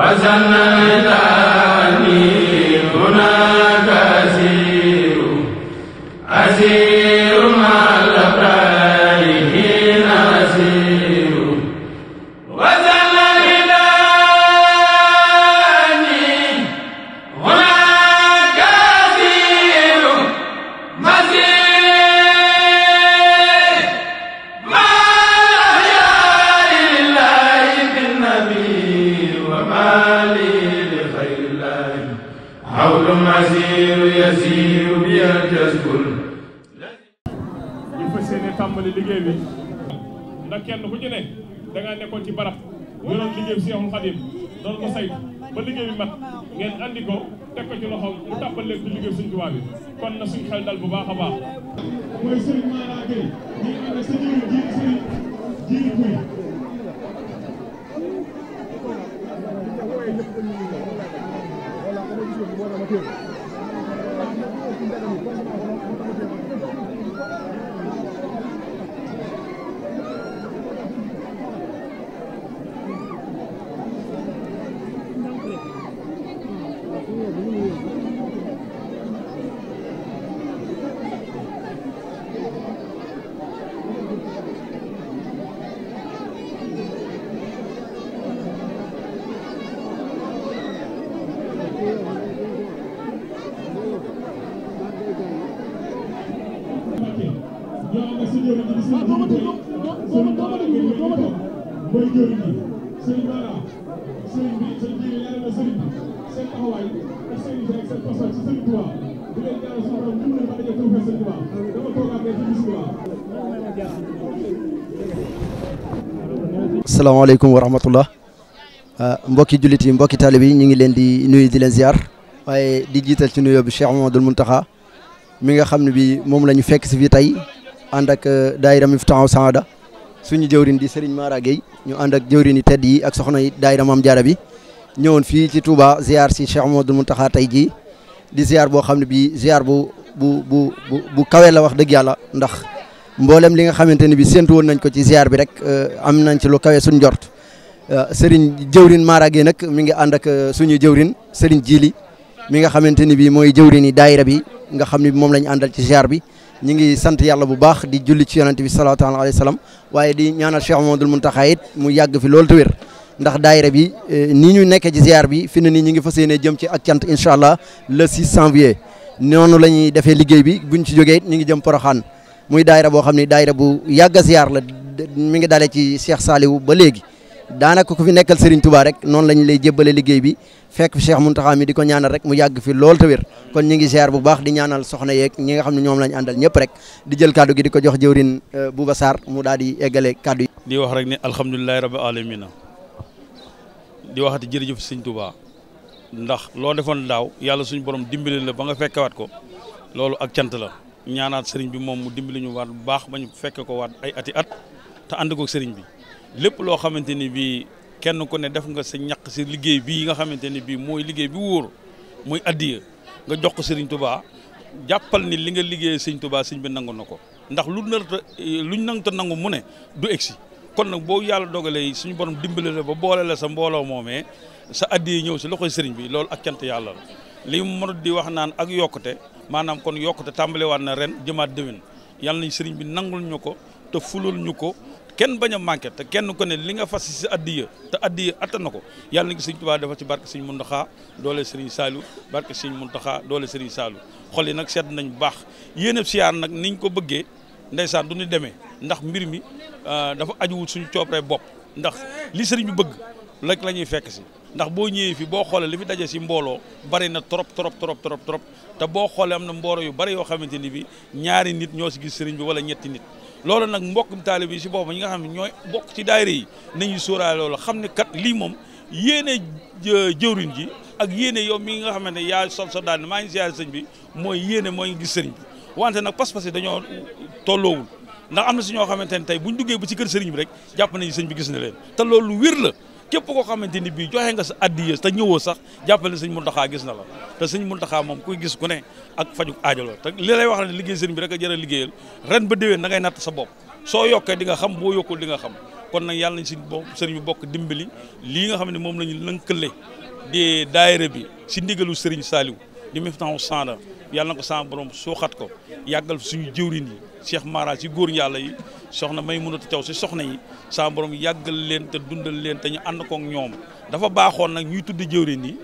wa ñu fas yéene tàmbali liggéey bi ndax kenn ku ci ne dangaa nekkoon ci barab ñu doon liggéey bi Seexul Xadim doon ko saytu ba liggéey mat ngeen andi ko teg ko ci loxoom mu tàmbali leen di liggéey Sëñ Tuubaa kon na suñ xel dal bu baax a baax. mooy Serigne Mara Gueye ñu ngi ànd ak sa jëriñ jiitu Serigne jiitu voilà Sidy Diop di mbokki jullit yi mbokki taalib yi ñu ngi leen di nuyu di leen ziar waaye di jiital ci nuyoo bi Cheikh Mamadou Mountakha mi nga xam ne bi moom la fekk si fii tey ànd ak euh, daayira Miftahoul Sahada suñu jëwrin di Serigne Mara ñu ànd ak jëwrin yi tedd yi ak soxna yi daayira Maam Jaara bi ñëwoon fii ci Touba ziar si Cheikh Mouhamadoul Mountakha tey jii di ziar boo xam ne bii ziar bu bu bu bu kawe la wax dëgg yàlla ndax mboolem li nga xamante ne bi séntu woon nañ ko ci ziar bi rek euh, am nañ ci lu kawe suñ jort euh, Serigne jëwrin Mara Gueye nag mi ngi ànd ak suñu jëwrin Serigne Jili mi nga xamante ni bii mooy jëwrin yi daayira bi nga xam ne bi moom lañ àndal ci ziar bi ñi ngi sant yàlla bu baax di julli ci yonent bi sallallahu alayhi wa sallam waaye di ñaanal Cheikh Mamadou Mountakha it mu yàgg fi loolu te wér ndax daayira bi eh, nii ñu nekkee ci ziar bi fi ne nii ñu ngi fas yéene jëm ci ak cant incha allah le 6 janvier noonu la ñuy defee liggéey bi buñ ci jógee ñu ngi jëm Poroxaan muy daayira boo xam ne daayira bu yàgg a ziar la mi ngi dalee ci Cheikh Saliou ba léegi daanaka ku fi nekkal Serigne Touba rek noonu lañu lay jébbale liggéey bi fekk Cheikh Mountakha mi di ko ñaanal rek mu yàgg fi lool te wér kon ñu ngi ziar bu baax di ñaanal soxna yeeg ñi nga xam ne ñoom lañ àndal ñëpp rek di jël kaddu gi di ko jox jëwrin euh, Bouba Sarr mu daal di eggale kaddu yi. di wax rek ne alhamdulilah rabbil alamin di waxati jërëjëf Serigne tubaa ndax loo defoon daaw yàlla suñu borom dimbali la ba nga waat ko loolu ak cant la ñaanaat sëriñ bi moom mu dimbali ñu waat bu baax ba ñu fekke ko waat ay ati at te ànd ko sëriñ bi lépp loo xamante ni bii kenn ku ne def nga sa ñaq si liggéey bii nga xamante ni bii mooy liggéey bi wóor muy addiya nga jox ko Serigne Touba jàppal ni li nga liggéey Serigne Touba Serigne bi nangu na ko ndax lu narta luñ nangta nangu mu ne du si kon nag boo yàlla dogalee suñu borom dimbale la ba boole la sa mbooloo moomee sa addiya ñëw si loxo Serigne bi loolu ak cant yàlla la li mu mënut di wax naan ak yokkute maanaam kon yokkute tàmbalewaat na ren jëmaat déwén yàlla nañ Serigne bi nangul ñu kenn bañ a manqué te kenn ku ne li nga fas si addiya te addiya attan na ko yàlla na ci sëñ Tuubaa dafa ci barke sëñ Muntaxa doole sëriñ Saliou barke sëñ Muntaxa doole sëriñ Saliou xol yi nag sedd nañ bu baax yéen siyaar nag niñ ko bëggee ndeysaan du ñu demee ndax mbir mi euh, dafa ajuwul suñu coobare bopp ndax li sëriñ bi bëgg rek la ñuy fekk si ndax boo ñëwee fi boo xoolee li fi daje si mbooloo bari na trop trop trop trop trop te boo xoolee am na mbooloo yu bari yoo xamante ni bi ñaari nit ñoo si gis sëriñ bi wala ñetti nit loolu nag mbokkum taalibe yi si boobu ñi nga xam ne ñooy bokk ci daayira yi nañu sóoraale loolu xam ne kat lii moom yéene jëwriñ ji ak yéene yow mi nga xamante ne yaa sol sa daan maa ngi ziar sëñ bi mooy yéene mooy gis sëriñ bi wante nag pas-pas yi dañoo tolloowul ndax am na si ñoo xamante ne tey bu ñu duggee ba ci kër sëriñ bi rek jàpp nañu sëñ bi gis na leen te loolu wér la képp koo xamante ni bii joxe nga sa addiya te ñëwoo sax jàppale sëñ Muntaxaa gis na la te sëñ Muntaxaa moom kuy gis ku ne ak faju aajo la te li lay wax ne liggéey sëriñ bi rek a jëra liggéeyal ren ba déwéen da ngay sa bopp soo yokkee di nga xam boo yokkul di nga xam kon nag yàlla nañ si bo sëriñ bi bokk dimbali lii nga xam ne moom la ñu lënkale di daayira bi si ndigalu sëriñ Saliou di Miftahou Sana yàlla na ko sama borom suuxat ko yàggal suñu jëwriñ yi Cheikh Mara si góor yàlla yi soxna may mënatu taw si soxna yi sama borom yàggal leen te dundal leen te ñu ànd kook ñoom dafa baaxoon nag ñuy tudd jëwriñ yi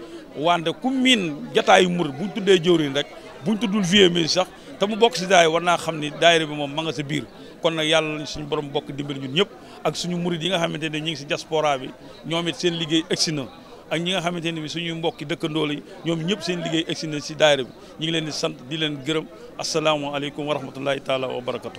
wante ku miin jataayu mur buñ tuddee jëwriñ rek bu buñ tuddul vieux mi sax te mu bokk si daay war naa xam ni daayira bi moom ma nga sa biir kon nag yàlla nañ suñu borom bokk dimbali ñun ñëpp ak suñu murid yi nga xamante ne ñu ngi si diaspora bi ñoom it seen liggéey egsi na ak ñi nga xamante ne bi suñuy mbokki dëkkandoo lañ ñoom ñëpp seen liggéey egsi na si daayira bi ñu ngi leen di sant di leen gërëm asalaamualeykum aleykum rahmatullahi taala wa barakatu